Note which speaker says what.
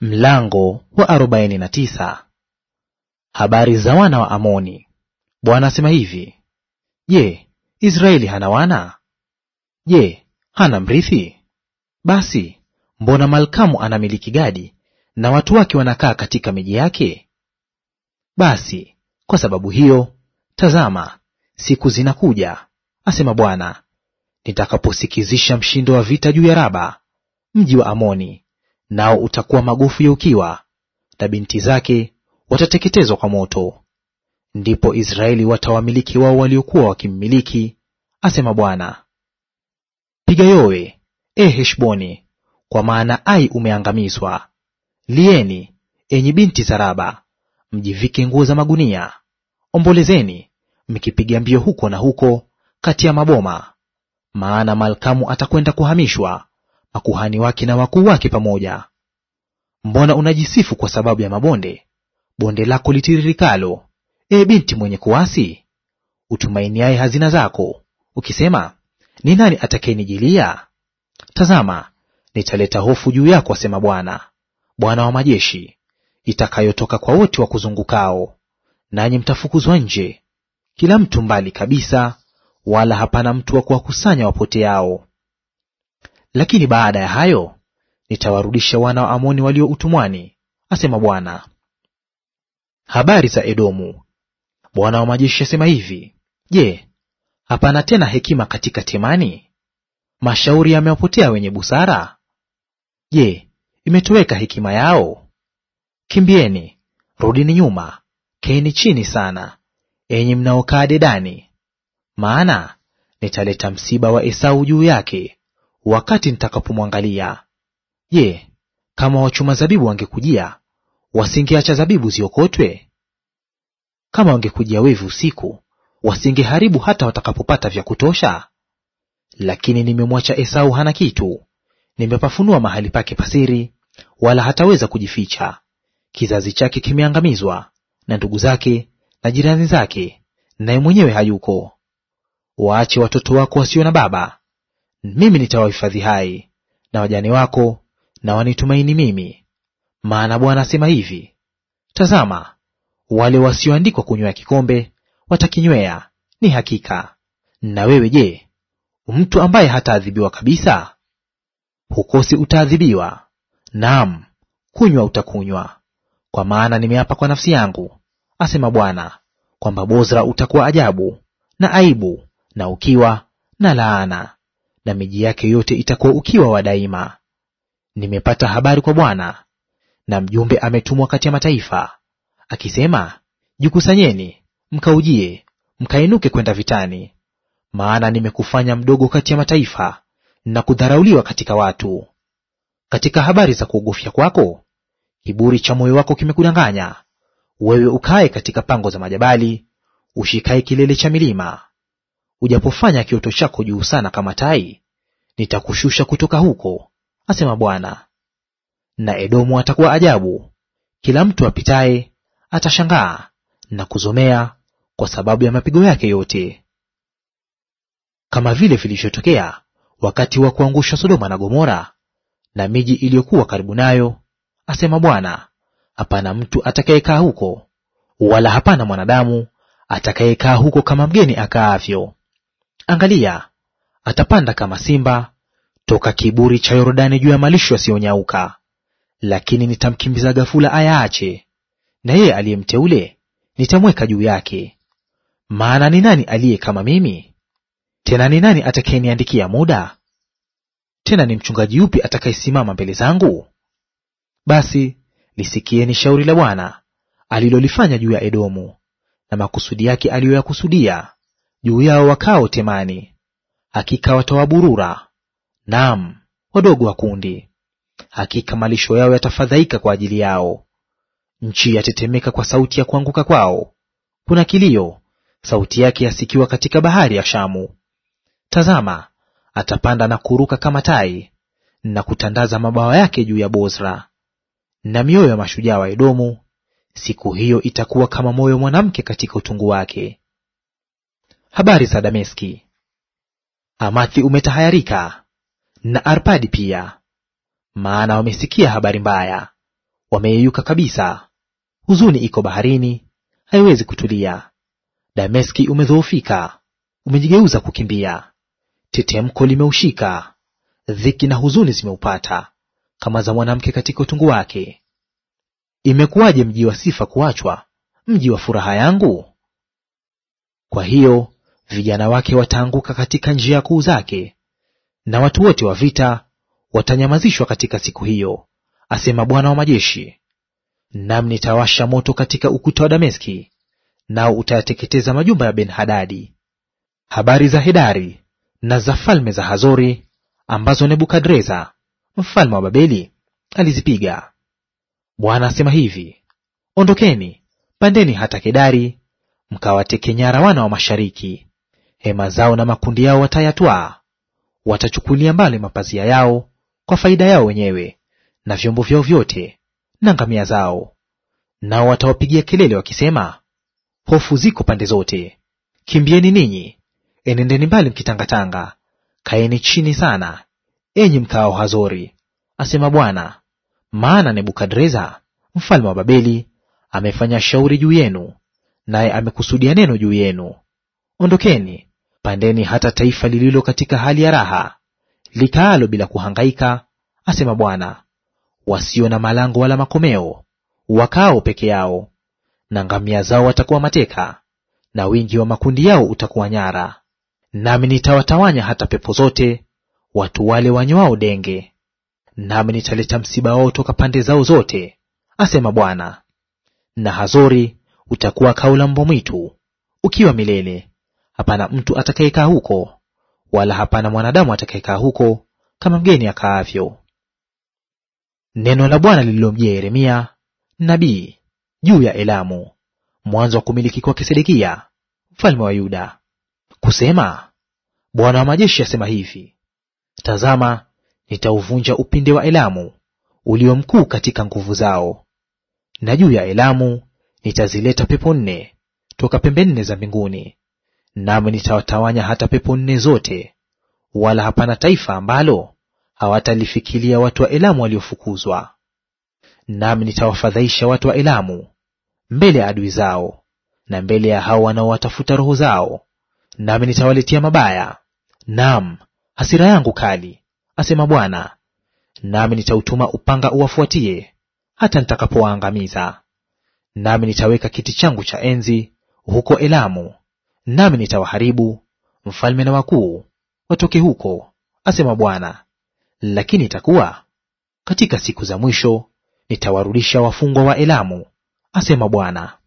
Speaker 1: Mlango wa arobaini na tisa. Habari za wana wa Amoni. Bwana asema hivi: Je, Israeli hana wana? Je, hana mrithi? Basi mbona Malkamu anamiliki Gadi na watu wake wanakaa katika miji yake? Basi kwa sababu hiyo, tazama, siku zinakuja, asema Bwana, nitakaposikizisha mshindo wa vita juu ya Raba, mji wa Amoni nao utakuwa magofu ya ukiwa, na binti zake watateketezwa kwa moto. Ndipo Israeli watawamiliki wao waliokuwa wakimmiliki, asema Bwana. Piga yowe, e Heshboni, kwa maana Ai umeangamizwa. Lieni, enyi binti za Raba, mjivike nguo za magunia, ombolezeni mkipiga mbio huko na huko kati ya maboma, maana Malkamu atakwenda kuhamishwa makuhani wake na wakuu wake pamoja. Mbona unajisifu kwa sababu ya mabonde, bonde lako litiririkalo, e binti mwenye kuasi? Utumainiaye hazina zako, ukisema, ni nani atakayenijilia? Tazama, nitaleta hofu juu yako, asema Bwana, Bwana wa majeshi, itakayotoka kwa wote wa kuzungukao nanyi mtafukuzwa nje, kila mtu mbali kabisa, wala hapana mtu wa kuwakusanya wapoteao. Lakini baada ya hayo nitawarudisha wana wa Amoni walio utumwani, asema Bwana. Habari za Edomu. Bwana wa majeshi asema hivi: Je, hapana tena hekima katika Temani? Mashauri yamewapotea wenye busara. Je, imetoweka hekima yao? Kimbieni, rudini nyuma, keni chini sana, enyi mnaokaa Dedani, maana nitaleta msiba wa Esau juu yake wakati nitakapomwangalia. Je, kama wachuma zabibu wangekujia, wasingeacha zabibu ziokotwe? Kama wangekujia wevi usiku, wasingeharibu hata watakapopata vya kutosha? Lakini nimemwacha Esau, hana kitu; nimepafunua mahali pake pasiri, wala hataweza kujificha. Kizazi chake kimeangamizwa na ndugu zake na jirani zake, naye mwenyewe hayuko. Waache watoto wako wasio na baba, mimi nitawahifadhi hai na wajane wako na wanitumaini mimi. Maana Bwana asema hivi, tazama, wale wasioandikwa kunywea kikombe watakinywea, ni hakika. Na wewe je, mtu ambaye hataadhibiwa kabisa? Hukosi utaadhibiwa, naam, kunywa utakunywa. Kwa maana nimeapa kwa nafsi yangu, asema Bwana, kwamba Bozra utakuwa ajabu na aibu na ukiwa na laana, na miji yake yote itakuwa ukiwa wa daima. Nimepata habari kwa Bwana, na mjumbe ametumwa kati ya mataifa akisema, jikusanyeni, mkaujie, mkainuke kwenda vitani, maana nimekufanya mdogo kati ya mataifa na kudharauliwa katika watu. Katika habari za kuogofya kwako, kiburi cha moyo wako kimekudanganya wewe, ukae katika pango za majabali, ushikae kilele cha milima Ujapofanya kioto chako juu sana kama tai, nitakushusha kutoka huko, asema Bwana. Na Edomu atakuwa ajabu, kila mtu apitaye atashangaa na kuzomea kwa sababu ya mapigo yake yote, kama vile vilivyotokea wakati wa kuangusha Sodoma na Gomora na miji iliyokuwa karibu nayo, asema Bwana. Hapana mtu atakayekaa huko, wala hapana mwanadamu atakayekaa huko kama mgeni akaavyo angalia, atapanda kama simba toka kiburi cha Yordani juu ya malisho yasiyonyauka. Lakini nitamkimbiza ghafula ayaache, na yeye aliyemteule nitamweka juu yake. Maana ni nani aliye kama mimi? Tena ni nani atakayeniandikia muda? Tena ni mchungaji yupi atakayesimama mbele zangu? Basi lisikieni shauri la Bwana alilolifanya juu ya Edomu na makusudi yake aliyoyakusudia juu yao wakao Temani. Hakika watawaburura, naam, wadogo wa kundi. Hakika malisho yao yatafadhaika kwa ajili yao. Nchi yatetemeka kwa sauti ya kuanguka kwao, kuna kilio, sauti yake yasikiwa katika bahari ya Shamu. Tazama, atapanda na kuruka kama tai, na kutandaza mabawa yake juu ya Bozra. Na mioyo ya mashujaa wa Edomu siku hiyo itakuwa kama moyo mwanamke katika utungu wake. Habari za Dameski. Amathi umetahayarika na Arpadi pia, maana wamesikia habari mbaya, wameyeyuka kabisa. Huzuni iko baharini, haiwezi kutulia. Dameski umedhoofika, umejigeuza kukimbia. Tetemko limeushika, dhiki na huzuni zimeupata, kama za mwanamke katika utungu wake. Imekuwaje mji wa sifa kuachwa, mji wa furaha yangu? Kwa hiyo Vijana wake wataanguka katika njia kuu zake, na watu wote wa vita watanyamazishwa katika siku hiyo, asema Bwana wa majeshi. Nami nitawasha moto katika ukuta wa Dameski, nao utayateketeza majumba ya Ben-Hadadi. Habari za Hedari na za falme za Hazori ambazo Nebukadreza mfalme wa Babeli alizipiga. Bwana asema hivi: Ondokeni, pandeni hata Kedari, mkawateke nyara wana wa mashariki hema zao na makundi yao watayatwaa, watachukulia mbali mapazia yao kwa faida yao wenyewe, na vyombo vyao vyote na ngamia zao. Nao watawapigia kelele wakisema, hofu ziko pande zote. Kimbieni ninyi, enendeni mbali mkitangatanga, kaeni chini sana, enyi mkaao Hazori, asema Bwana, maana Nebukadreza mfalme wa Babeli amefanya shauri juu yenu, naye amekusudia neno juu yenu. Ondokeni, Pandeni hata taifa lililo katika hali ya raha, likaalo bila kuhangaika, asema Bwana, wasio na malango wala makomeo, wakao peke yao. Na ngamia zao watakuwa mateka, na wingi wa makundi yao utakuwa nyara. Nami nitawatawanya hata pepo zote, watu wale wanywao denge, nami nitaleta msiba wao toka pande zao zote, asema Bwana. Na Hazori utakuwa kao la mbwa mwitu, ukiwa milele Hapana mtu atakayekaa huko, wala hapana mwanadamu atakayekaa huko kama mgeni akaavyo. Neno la Bwana lililomjia Yeremia nabii juu ya Elamu mwanzo wa kumiliki kwake Sedekia mfalme wa Yuda kusema, Bwana wa majeshi asema hivi, tazama, nitauvunja upinde wa Elamu ulio mkuu katika nguvu zao, na juu ya Elamu nitazileta pepo nne toka pembe nne za mbinguni nami nitawatawanya hata pepo nne zote, wala hapana taifa ambalo hawatalifikilia watu wa Elamu waliofukuzwa. Nami nitawafadhaisha watu wa Elamu mbele ya adui zao na mbele ya hao wanaowatafuta roho zao, nami nitawaletea mabaya, naam, hasira yangu kali, asema Bwana, nami nitautuma upanga uwafuatie hata nitakapowaangamiza. Nami nitaweka kiti changu cha enzi huko Elamu, nami nitawaharibu mfalme na wakuu watoke huko, asema Bwana. Lakini itakuwa katika siku za mwisho nitawarudisha wafungwa wa Elamu, asema Bwana.